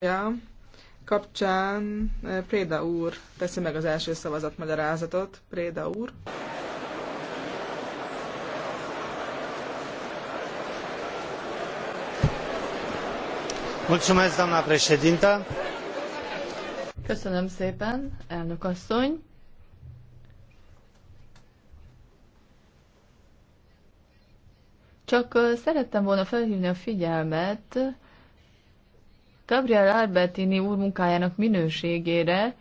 Ja. Kapcsán eh, Préda úr teszi meg az első magyarázatot. Préda úr. Mulțumesc, doamna președintă. Köszönöm szépen, elnök asszony. Csak eh, szerettem volna felhívni a figyelmet, Gabriel Albertini úr munkájának minőségére,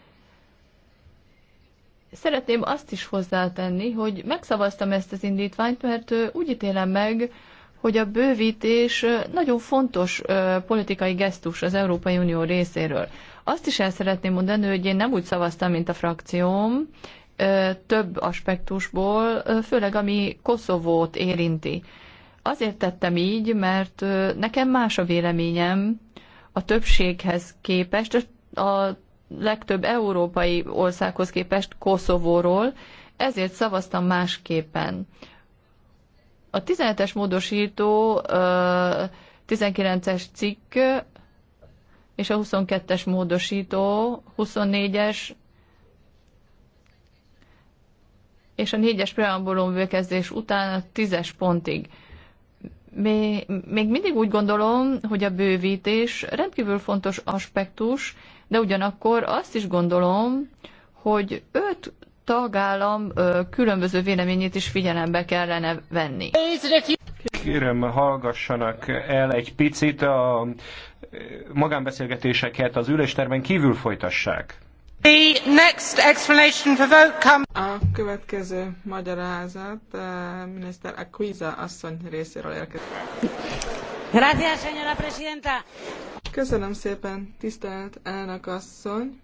szeretném azt is hozzátenni, hogy megszavaztam ezt az indítványt, mert úgy ítélem meg, hogy a bővítés nagyon fontos politikai gesztus az Európai Unió részéről. Azt is el szeretném mondani, hogy én nem úgy szavaztam, mint a frakcióm, több aspektusból, főleg ami Koszovót érinti. Azért tettem így, mert nekem más a véleményem a többséghez képest, a legtöbb európai országhoz képest Koszovóról, ezért szavaztam másképpen. A 17-es módosító, 19-es cikk és a 22-es módosító, 24-es és a 4-es preambulum után a 10-es pontig még mindig úgy gondolom, hogy a bővítés rendkívül fontos aspektus, de ugyanakkor azt is gondolom, hogy öt tagállam különböző véleményét is figyelembe kellene venni. Kérem, hallgassanak el egy picit, a magánbeszélgetéseket az ülésterben kívül folytassák. A következő magyarázat eh, miniszter Aquiza asszony részéről érkezik. Köszönöm szépen, tisztelt elnök asszony.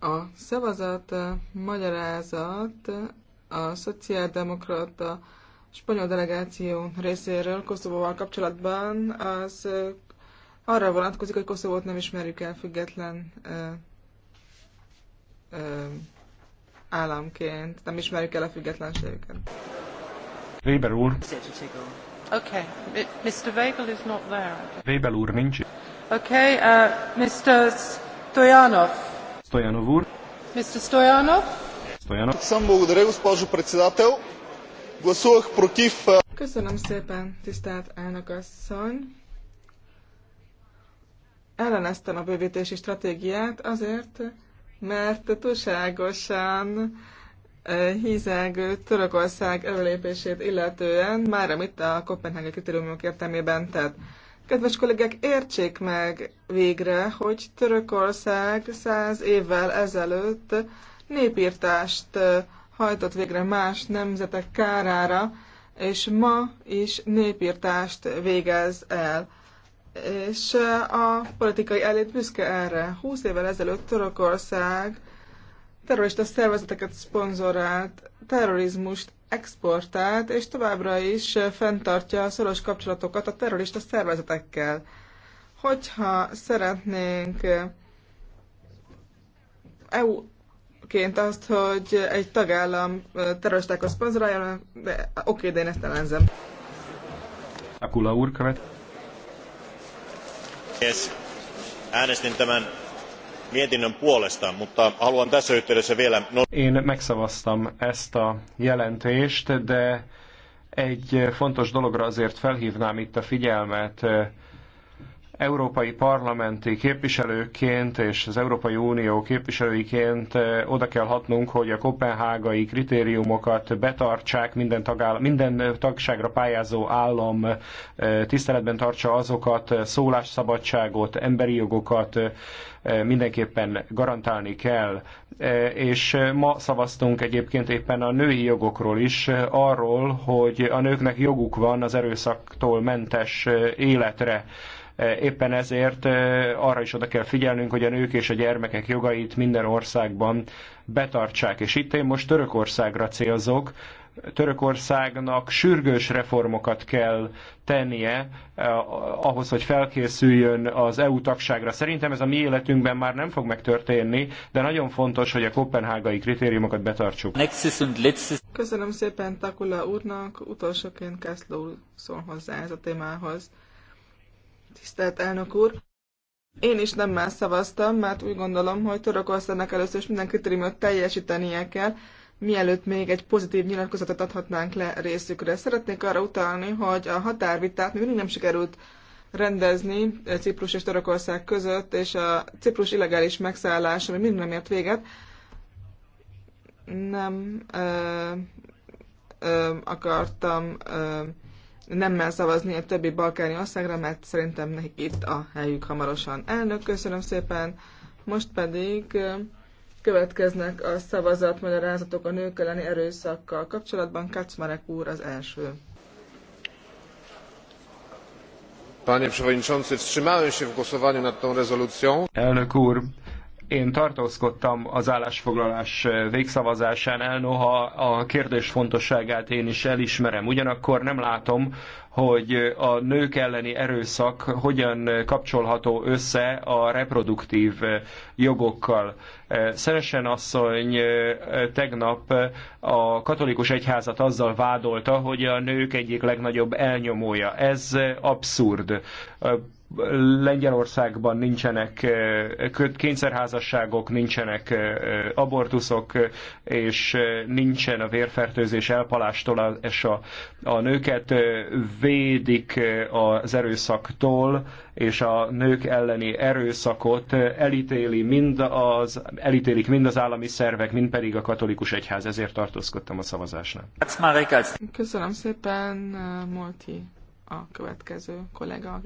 A szavazat eh, magyarázat a szociáldemokrata spanyol delegáció részéről Koszovóval kapcsolatban az eh, arra vonatkozik, hogy Koszovót nem ismerjük el független államként. Nem ismerjük el a függetlenségüket. Weber úr. Okay. Mr. Weber is not there. Weber úr nincs. Okay, uh, Mr. Stoyanov. Stoyanov úr. Mr. Stoyanov. Stoyanov. Sam благодаря, госпожо председател. Гласувах против. Köszönöm szépen, tisztelt elnök asszony. Elleneztem a bővítési stratégiát azért, mert túlságosan hízelgő Törökország előlépését illetően már amit a Kopenhágai kritériumok értelmében tett. Kedves kollégák, értsék meg végre, hogy Törökország száz évvel ezelőtt népírtást hajtott végre más nemzetek kárára, és ma is népírtást végez el és a politikai elit büszke erre. Húsz évvel ezelőtt Törökország terrorista szervezeteket szponzorált, terrorizmust exportált, és továbbra is fenntartja a szoros kapcsolatokat a terrorista szervezetekkel. Hogyha szeretnénk EU-ként azt, hogy egy tagállam terroristákat szponzoráljon, de oké, de én ezt ellenzem. Kula úr követ äänestin tämän mietinnön puolesta, mutta haluan tässä yhteydessä vielä... Én megszavaztam ezt a jelentést, de egy fontos dologra azért felhívnám itt a figyelmet, európai parlamenti képviselőként és az Európai Unió képviselőiként eh, oda kell hatnunk, hogy a kopenhágai kritériumokat betartsák, minden, tagállam, minden eh, tagságra pályázó állam eh, tiszteletben tartsa azokat, szólásszabadságot, emberi jogokat mindenképpen garantálni kell. És ma szavaztunk egyébként éppen a női jogokról is, arról, hogy a nőknek joguk van az erőszaktól mentes életre Éppen ezért arra is oda kell figyelnünk, hogy a nők és a gyermekek jogait minden országban betartsák. És itt én most Törökországra célzok, Törökországnak sürgős reformokat kell tennie ahhoz, hogy felkészüljön az EU tagságra. Szerintem ez a mi életünkben már nem fog megtörténni, de nagyon fontos, hogy a kopenhágai kritériumokat betartsuk. Köszönöm szépen Takula úrnak, utolsóként Kászló szól hozzá ez a témához. Tisztelt elnök úr! Én is nem más szavaztam, mert úgy gondolom, hogy Törökországnak először is minden kritériumot teljesítenie kell, mielőtt még egy pozitív nyilatkozatot adhatnánk le részükre. Szeretnék arra utalni, hogy a határvitát még mindig nem sikerült rendezni Ciprus és Törökország között, és a Ciprus illegális megszállása még mindig nem ért véget. Nem ö, ö, akartam ö, nemmel szavazni a többi balkáni országra, mert szerintem nekik itt a helyük hamarosan. Elnök, köszönöm szépen. Most pedig következnek a szavazatmagyarázatok a nők elleni erőszakkal kapcsolatban. Kacmarek úr az első. Panie przewodniczący, wstrzymałem się w głosowaniu nad tą rezolucją. Elnök úr, én tartózkodtam az állásfoglalás végszavazásánál, noha a kérdés fontosságát én is elismerem. Ugyanakkor nem látom, hogy a nők elleni erőszak hogyan kapcsolható össze a reproduktív jogokkal. Szeresen asszony tegnap a katolikus egyházat azzal vádolta, hogy a nők egyik legnagyobb elnyomója. Ez abszurd. Lengyelországban nincsenek kényszerházasságok, nincsenek abortuszok, és nincsen a vérfertőzés elpalástól és a, a nőket védik az erőszaktól, és a nők elleni erőszakot elítéli mind az, elítélik mind az állami szervek, mind pedig a katolikus egyház. Ezért tartózkodtam a szavazásnál. Köszönöm szépen, Molti a következő kollega,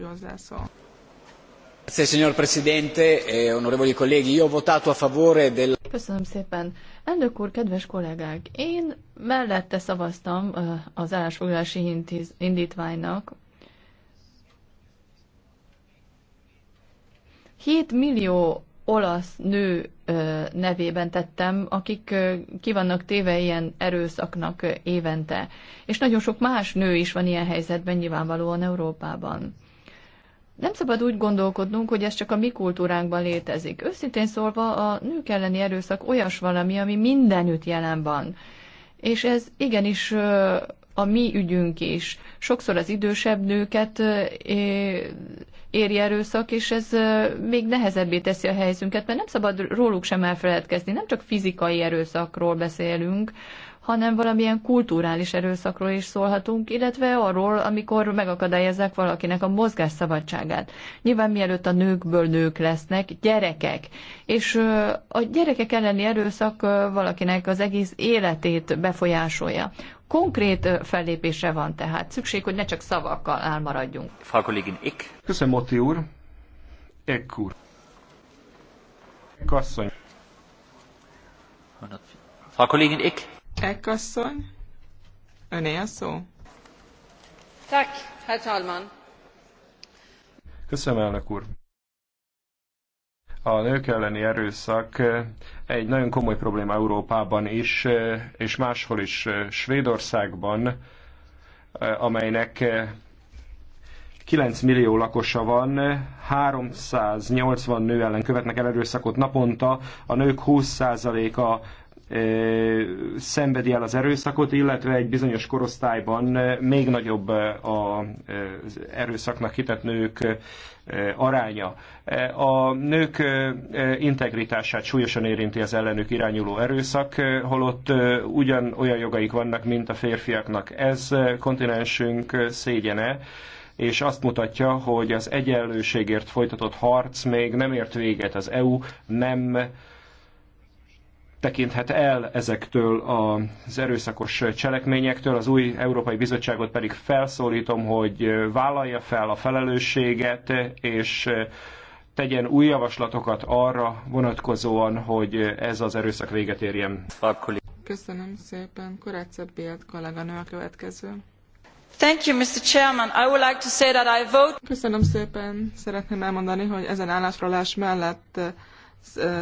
Presidente, e onorevoli colleghi, io ho votato a favore del... Köszönöm szépen. Elnök úr, kedves kollégák, én mellette szavaztam az állásfoglalási indítványnak. 7 millió olasz nő nevében tettem, akik ki vannak téve ilyen erőszaknak évente. És nagyon sok más nő is van ilyen helyzetben nyilvánvalóan Európában. Nem szabad úgy gondolkodnunk, hogy ez csak a mi kultúránkban létezik. Őszintén szólva a nők elleni erőszak olyas valami, ami mindenütt jelen van. És ez igenis a mi ügyünk is. Sokszor az idősebb nőket éri erőszak, és ez még nehezebbé teszi a helyzünket, mert nem szabad róluk sem elfeledkezni, nem csak fizikai erőszakról beszélünk, hanem valamilyen kulturális erőszakról is szólhatunk, illetve arról, amikor megakadályozzák valakinek a mozgás szabadságát. Nyilván mielőtt a nőkből nők lesznek, gyerekek. És a gyerekek elleni erőszak valakinek az egész életét befolyásolja. Konkrét fellépésre van tehát szükség, hogy ne csak szavakkal elmaradjunk. Frau Kollegin Eck. Köszönöm, Motti úr. Ek úr. Kasszony. Frau Kollegin Eck. Ek asszony. Öné a szó. Tak, herr talman. Köszönöm, elnök úr. A nők elleni erőszak egy nagyon komoly probléma Európában is, és máshol is Svédországban, amelynek 9 millió lakosa van, 380 nő ellen követnek el erőszakot naponta, a nők 20%-a szenvedi el az erőszakot, illetve egy bizonyos korosztályban még nagyobb az erőszaknak hitett nők aránya. A nők integritását súlyosan érinti az ellenük irányuló erőszak, holott ugyan olyan jogaik vannak, mint a férfiaknak. Ez kontinensünk szégyene, és azt mutatja, hogy az egyenlőségért folytatott harc még nem ért véget. Az EU nem tekinthet el ezektől az erőszakos cselekményektől. Az új Európai Bizottságot pedig felszólítom, hogy vállalja fel a felelősséget, és tegyen új javaslatokat arra vonatkozóan, hogy ez az erőszak véget érjen. Köszönöm szépen. Korácsa Bélt kolléganő a következő. Thank you, Mr. Chairman. I would like to say that I vote... Köszönöm szépen. Szeretném elmondani, hogy ezen állásfoglalás mellett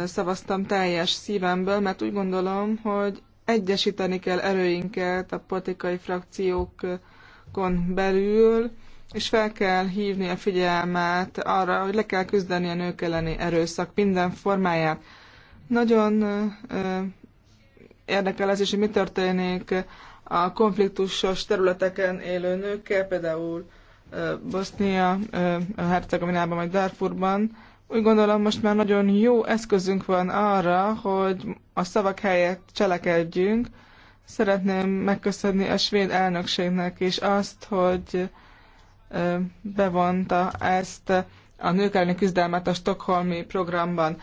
szavaztam teljes szívemből, mert úgy gondolom, hogy egyesíteni kell erőinket a politikai frakciókon belül, és fel kell hívni a figyelmet arra, hogy le kell küzdeni a nők elleni erőszak minden formáját. Nagyon érdekel ez is, hogy mi történik a konfliktusos területeken élő nőkkel, például Bosznia, Hercegovinában vagy Darfurban, úgy gondolom, most már nagyon jó eszközünk van arra, hogy a szavak helyett cselekedjünk. Szeretném megköszönni a svéd elnökségnek is azt, hogy bevonta ezt a nők elleni küzdelmet a Stockholmi programban.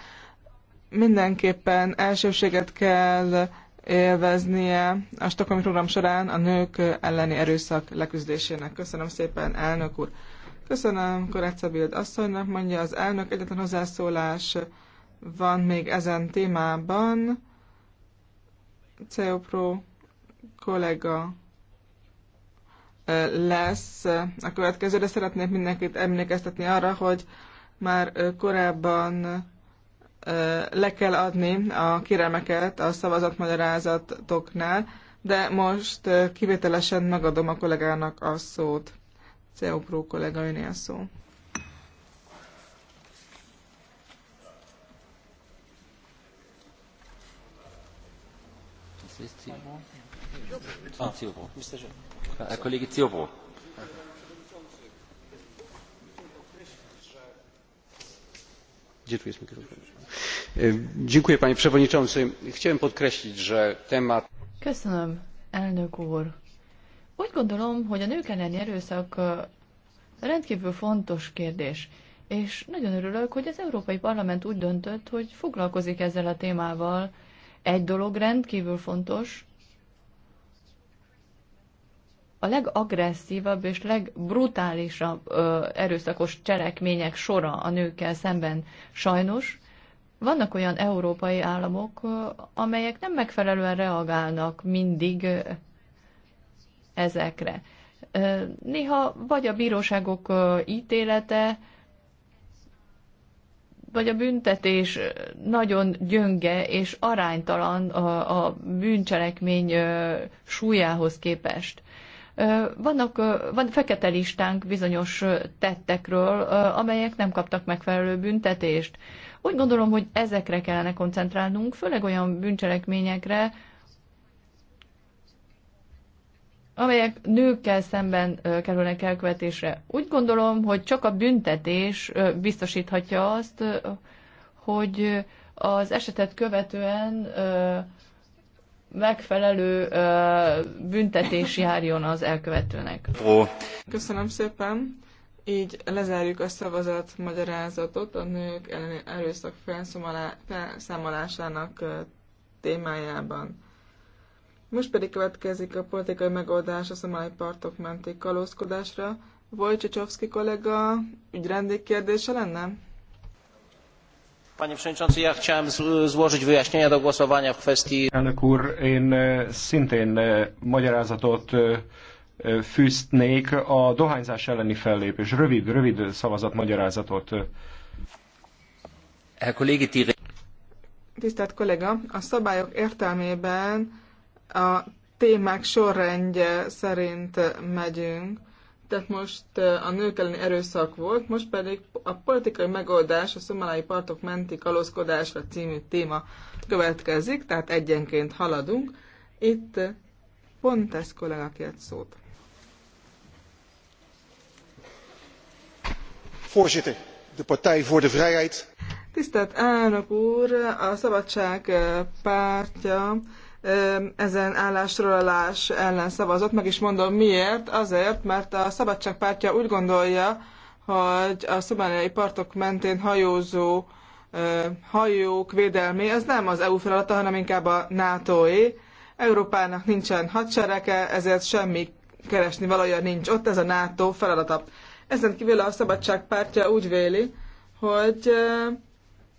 Mindenképpen elsőséget kell élveznie a Stockholmi program során a nők elleni erőszak leküzdésének. Köszönöm szépen, elnök úr! Köszönöm Koráca Bild asszonynak, mondja az elnök, egyetlen hozzászólás van még ezen témában. CEOPRO kollega eh, lesz a következő, de szeretnék mindenkit emlékeztetni arra, hogy már eh, korábban eh, le kell adni a kérelmeket a szavazatmagyarázatoknál, de most kivételesen megadom a kollégának a szót. Ceopró kollega önél szó. Ah, ah, e, dziękuję panie przewodniczący. Chciałem podkreślić, że temat. Köszönöm, elnök úr. Úgy gondolom, hogy a nők elleni erőszak rendkívül fontos kérdés, és nagyon örülök, hogy az Európai Parlament úgy döntött, hogy foglalkozik ezzel a témával. Egy dolog rendkívül fontos, a legagresszívabb és legbrutálisabb ö, erőszakos cselekmények sora a nőkkel szemben sajnos. Vannak olyan európai államok, ö, amelyek nem megfelelően reagálnak mindig ezekre. Néha vagy a bíróságok ítélete, vagy a büntetés nagyon gyönge és aránytalan a, a bűncselekmény súlyához képest. Vannak, van fekete listánk bizonyos tettekről, amelyek nem kaptak megfelelő büntetést. Úgy gondolom, hogy ezekre kellene koncentrálnunk, főleg olyan bűncselekményekre, amelyek nőkkel szemben kerülnek elkövetésre. Úgy gondolom, hogy csak a büntetés biztosíthatja azt, hogy az esetet követően megfelelő büntetés járjon az elkövetőnek. Köszönöm szépen. Így lezárjuk a szavazat magyarázatot a nők elleni erőszak felszámolásának témájában. Most pedig következik a politikai megoldás a szomáli partok menti kalózkodásra. Wojciechowski kollega ügyrendi kérdése lenne? Panie Przewodniczący, ja chciałem złożyć wyjaśnienia do głosowania w kwestii... Elnök úr, én e, szintén e, magyarázatot e, fűztnék a dohányzás elleni fellépés. Rövid, rövid szavazat magyarázatot. Tisztelt kollega, a szabályok értelmében a témák sorrendje szerint megyünk. Tehát most a nők elleni erőszak volt, most pedig a politikai megoldás a szomalai partok menti kalózkodásra című téma következik, tehát egyenként haladunk. Itt Pontes kollega kért szót. Voorzitter, de Partij voor de Vrijheid. Tisztelt elnök úr, a Szabadság pártja ezen állás ellen szavazott, meg is mondom miért, azért, mert a Szabadságpártja úgy gondolja, hogy a szomáliai partok mentén hajózó hajók védelmi, ez nem az EU feladata, hanem inkább a NATO-é. Európának nincsen hadserege, ezért semmi keresni valója nincs ott, ez a NATO feladata. Ezen kívül a Szabadságpártja úgy véli, hogy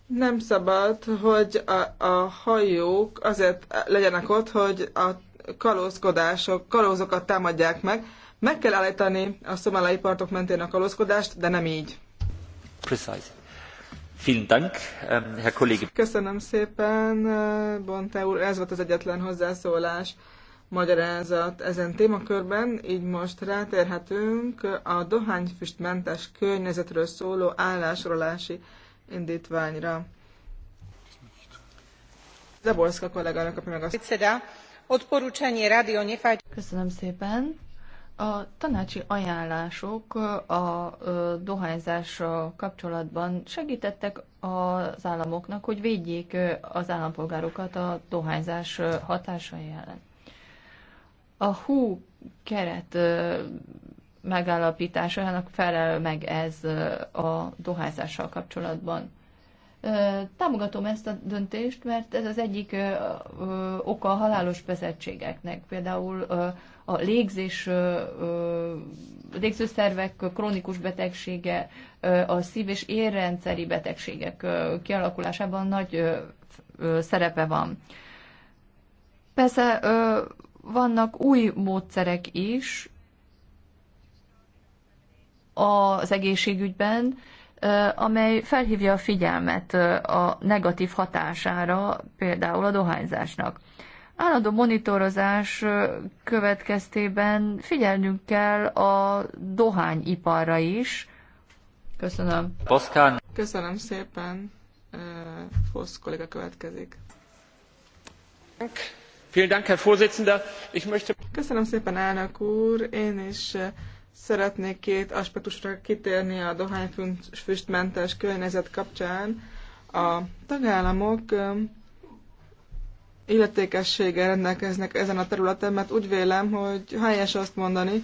nem szabad, hogy a, a hajók azért legyenek ott, hogy a kalózkodások, kalózokat támadják meg. Meg kell állítani a szomalai partok mentén a kalózkodást, de nem így. Precise. Ähm, Köszönöm szépen, äh, Bonte úr. Ez volt az egyetlen hozzászólás, magyarázat ezen témakörben. Így most rátérhetünk a dohányfüstmentes környezetről szóló állásrólási indítványra. Zaborska kollégának kapja meg azt. Odporúcsányi rádió Köszönöm szépen. A tanácsi ajánlások a dohányzás kapcsolatban segítettek az államoknak, hogy védjék az állampolgárokat a dohányzás hatásai ellen. A HU keret megállapításának felel meg ez a dohányzással kapcsolatban. Támogatom ezt a döntést, mert ez az egyik oka a halálos vezetségeknek. Például a légzés, légzőszervek krónikus betegsége, a szív- és érrendszeri betegségek kialakulásában nagy szerepe van. Persze vannak új módszerek is, az egészségügyben, amely felhívja a figyelmet a negatív hatására, például a dohányzásnak. Állandó monitorozás következtében figyelnünk kell a dohányiparra is. Köszönöm. Paszkán. Köszönöm szépen. Fosz kolléga következik. Köszönöm szépen, elnök úr. Én is Szeretnék két aspektusra kitérni a dohányfüstmentes környezet kapcsán. A tagállamok illetékessége rendelkeznek ezen a területen, mert úgy vélem, hogy helyes azt mondani,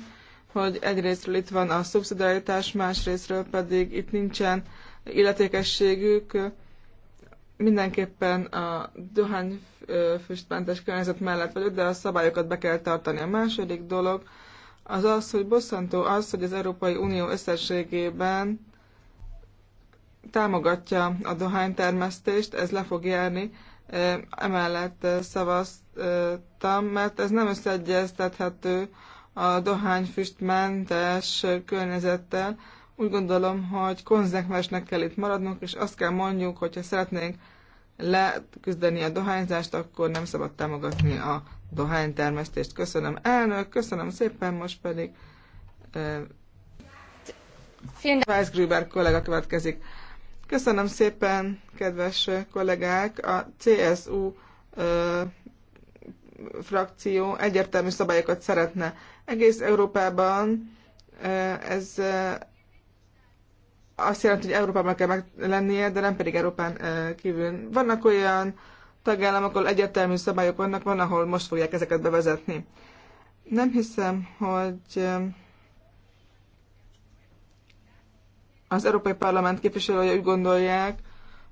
hogy egyrésztről itt van a szubszidiaritás, másrésztről pedig itt nincsen illetékességük. Mindenképpen a dohányfüstmentes környezet mellett vagyok, de a szabályokat be kell tartani. A második dolog az az, hogy bosszantó az, hogy az Európai Unió összességében támogatja a dohánytermesztést, ez le fog járni, emellett szavaztam, mert ez nem összeegyeztethető a dohányfüstmentes környezettel. Úgy gondolom, hogy konzekvensnek kell itt maradnunk, és azt kell mondjuk, hogyha szeretnénk leküzdeni a dohányzást, akkor nem szabad támogatni a dohánytermesztést. Köszönöm elnök, köszönöm szépen, most pedig eh, Weiss Gruber kollega következik. Köszönöm szépen, kedves kollégák! A CSU uh, eh, frakció egyértelmű szabályokat szeretne. Egész Európában uh, ez uh, azt jelenti, hogy Európában kell meg lennie, de nem pedig Európán uh, kívül. Vannak olyan tagállamokon egyértelmű szabályok vannak, van, ahol most fogják ezeket bevezetni. Nem hiszem, hogy az Európai Parlament képviselője úgy gondolják,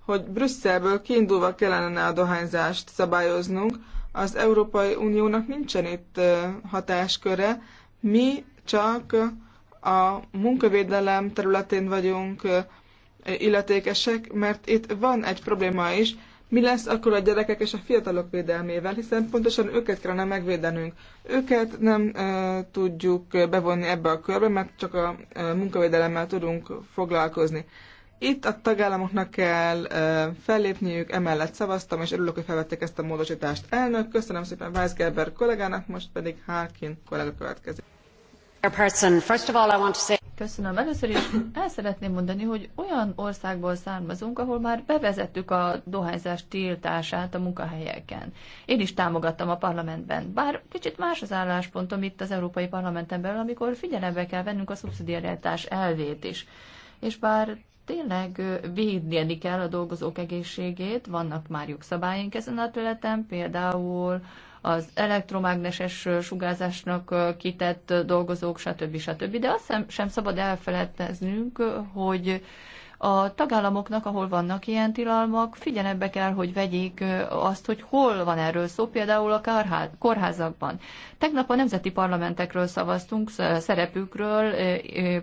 hogy Brüsszelből kiindulva kellene a dohányzást szabályoznunk. Az Európai Uniónak nincsen itt hatásköre, mi csak a munkavédelem területén vagyunk illetékesek, mert itt van egy probléma is, mi lesz akkor a gyerekek és a fiatalok védelmével, hiszen pontosan őket kellene megvédenünk. Őket nem e, tudjuk bevonni ebbe a körbe, mert csak a e, munkavédelemmel tudunk foglalkozni. Itt a tagállamoknak kell e, fellépniük, emellett szavaztam, és örülök, hogy felvették ezt a módosítást. Elnök, köszönöm szépen Gerber kollégának, most pedig Harkin kollega következik. First of all, I want to say... Köszönöm. Először is el szeretném mondani, hogy olyan országból származunk, ahol már bevezettük a dohányzás tiltását a munkahelyeken. Én is támogattam a parlamentben, bár kicsit más az álláspontom itt az Európai Parlamenten belül, amikor figyelembe kell vennünk a szubszidiaritás elvét is. És bár tényleg védeni kell a dolgozók egészségét, vannak már jogszabályink ezen a területen, például az elektromágneses sugárzásnak kitett dolgozók, stb. stb. De azt sem szabad elfeledkeznünk, hogy a tagállamoknak, ahol vannak ilyen tilalmak, figyelembe kell, hogy vegyék azt, hogy hol van erről szó, például a kórházakban. Tegnap a nemzeti parlamentekről szavaztunk, szerepükről,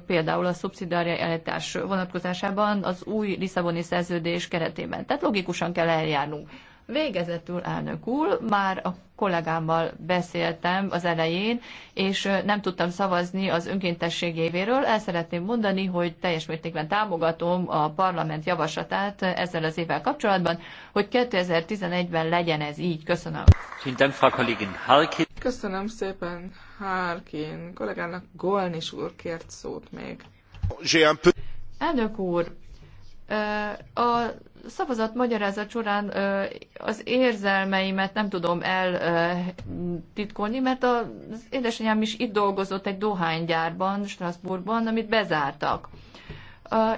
például a szubszidiaritás vonatkozásában az új Lisszaboni szerződés keretében. Tehát logikusan kell eljárnunk. Végezetül, elnök úr, már a kollégámmal beszéltem az elején, és nem tudtam szavazni az önkéntesség évéről. El szeretném mondani, hogy teljes mértékben támogatom a parlament javaslatát ezzel az évvel kapcsolatban, hogy 2011-ben legyen ez így. Köszönöm. Köszönöm szépen, Harkin. Kollégának Golnis úr kért szót még. Elnök úr, a szavazat magyarázat során az érzelmeimet nem tudom eltitkolni, mert az édesanyám is itt dolgozott egy dohánygyárban, Strasbourgban, amit bezártak.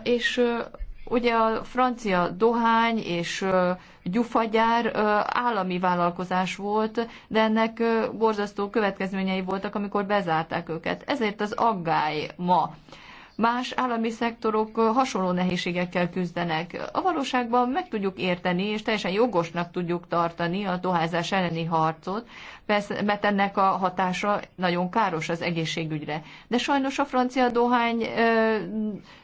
És ugye a francia dohány és gyufagyár állami vállalkozás volt, de ennek borzasztó következményei voltak, amikor bezárták őket. Ezért az aggály ma más állami szektorok hasonló nehézségekkel küzdenek. A valóságban meg tudjuk érteni, és teljesen jogosnak tudjuk tartani a dohányzás elleni harcot, persze, mert ennek a hatása nagyon káros az egészségügyre. De sajnos a francia dohány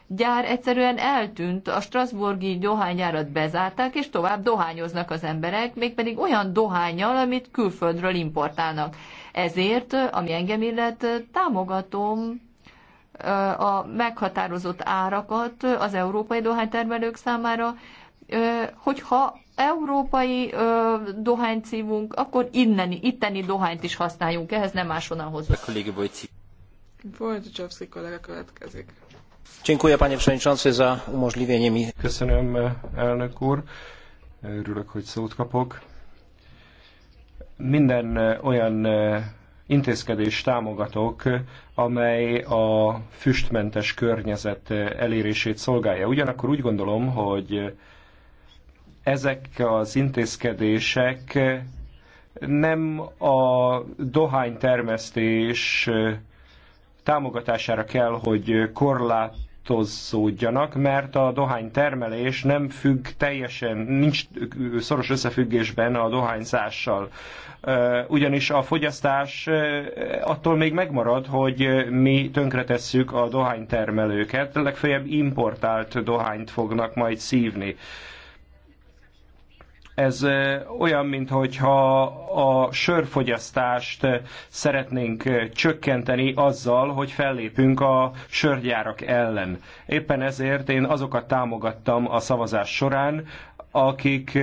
gyár egyszerűen eltűnt, a Strasburgi dohánygyárat bezárták, és tovább dohányoznak az emberek, mégpedig olyan dohányjal, amit külföldről importálnak. Ezért, ami engem illet, támogatom a meghatározott árakat az európai dohánytermelők számára, hogyha európai szívunk, akkor inneni, itteni dohányt is használjunk, ehhez nem máshonnan hozzuk. Wojciechowski kollega következik. Dziękuję panie przewodniczący za umożliwienie mi. Köszönöm elnök úr. Örülök, hogy szót kapok. Minden olyan intézkedést támogatok, amely a füstmentes környezet elérését szolgálja. Ugyanakkor úgy gondolom, hogy ezek az intézkedések nem a dohánytermesztés támogatására kell, hogy korlát korlátozódjanak, mert a dohánytermelés nem függ teljesen, nincs szoros összefüggésben a dohányzással. Ugyanis a fogyasztás attól még megmarad, hogy mi tönkretesszük a dohánytermelőket, legfeljebb importált dohányt fognak majd szívni. Ez olyan, mintha a sörfogyasztást szeretnénk csökkenteni azzal, hogy fellépünk a sörgyárak ellen. Éppen ezért én azokat támogattam a szavazás során, akik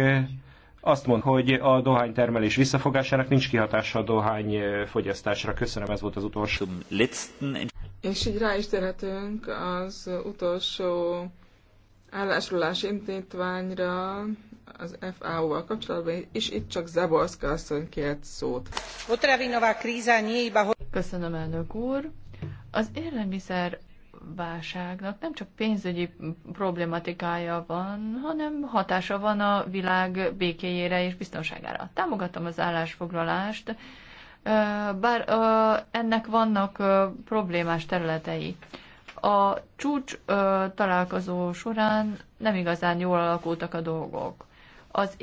azt mond, hogy a dohánytermelés visszafogásának nincs kihatása a dohányfogyasztásra. Köszönöm, ez volt az utolsó. És így rá is térhetünk az utolsó állásolás intétványra az FAO-val kapcsolatban, és itt csak Zaborszka asszony kért szót. Köszönöm, elnök úr. Az élelmiszer válságnak nem csak pénzügyi problématikája van, hanem hatása van a világ békéjére és biztonságára. Támogatom az állásfoglalást, bár ennek vannak problémás területei a csúcs ö, találkozó során nem igazán jól alakultak a dolgok. Az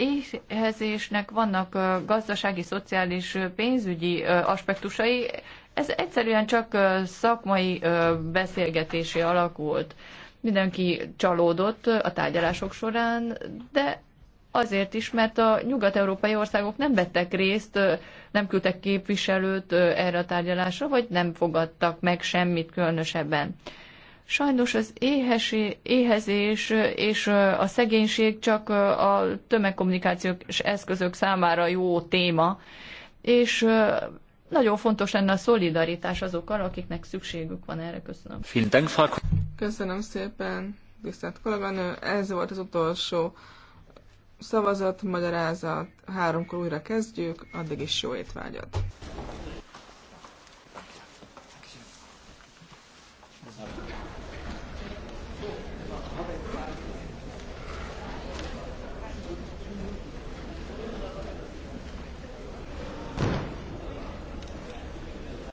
éhezésnek vannak ö, gazdasági, szociális, pénzügyi ö, aspektusai, ez egyszerűen csak ö, szakmai ö, beszélgetésé alakult. Mindenki csalódott a tárgyalások során, de azért is, mert a nyugat-európai országok nem vettek részt, nem küldtek képviselőt erre a tárgyalásra, vagy nem fogadtak meg semmit különösebben. Sajnos az éhesé, éhezés és a szegénység csak a tömegkommunikációs eszközök számára jó téma, és nagyon fontos lenne a szolidaritás azokkal, akiknek szükségük van erre. Köszönöm. Köszönöm szépen, tisztelt kolléganő. Ez volt az utolsó szavazat, magyarázat. Háromkor újra kezdjük, addig is jó étvágyat.